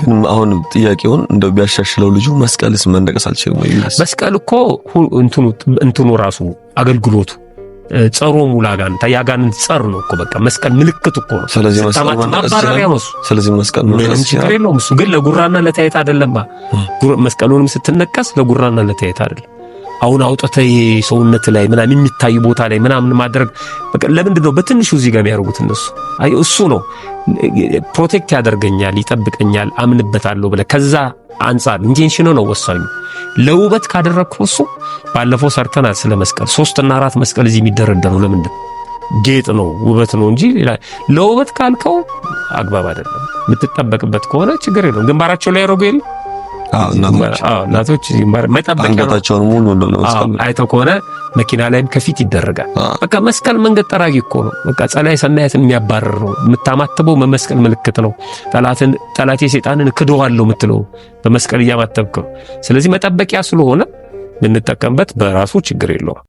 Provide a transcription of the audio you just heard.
ግን አሁን ጥያቄውን እንደው ቢያሻሽለው ልጁ መስቀልስ መንደቀስ አልችልም ወይ? መስቀል እኮ እንትኑ ራሱ አገልግሎቱ ጸሮ ሙላ ጋር ጸር ነው እኮ በቃ መስቀል ምልክት እኮ ነው። ስለዚህ መስቀል ማባራሪያ ነው። ስለዚህ መስቀል ምንም ችግር የለውም እሱ ግን ለጉራና ለታየት አይደለማ። መስቀሉንም ስትነቀስ ለጉራና ለታየት አይደለም። አሁን አውጥተ ሰውነት ላይ ምናምን የሚታይ ቦታ ላይ ምናምን ማድረግ በቃ ለምንድን ነው በትንሹ እዚህ ጋር የሚያደርጉት እነሱ? አይ እሱ ነው ፕሮቴክት ያደርገኛል፣ ይጠብቀኛል፣ አምንበታለሁ ብለህ ከዛ አንጻር ኢንቴንሽኑ ነው ወሳኙ። ለውበት ካደረግኩ እሱ ባለፈው ሰርተናል ስለ መስቀል ሶስትና አራት መስቀል እዚህ የሚደረደሩ ለምንድን ጌጥ ነው ውበት ነው እንጂ ለውበት ካልከው አግባብ አይደለም። የምትጠበቅበት ከሆነ ችግር የለውም። ግንባራቸው ላይ ያደረጉ የለም እናቶች መጠበቅ አይተው ከሆነ መኪና ላይም ከፊት ይደረጋል። በቃ መስቀል መንገድ ጠራጊ እኮ ነው። በቃ ጸላይ ሰናያትን የሚያባረር ነው። የምታማትበው መመስቀል ምልክት ነው። ጠላትን ጠላቴ ሰይጣንን ክደዋለሁ የምትለው በመስቀል እያማተብክ ነው። ስለዚህ መጠበቂያ ስለሆነ ብንጠቀምበት በራሱ ችግር የለውም።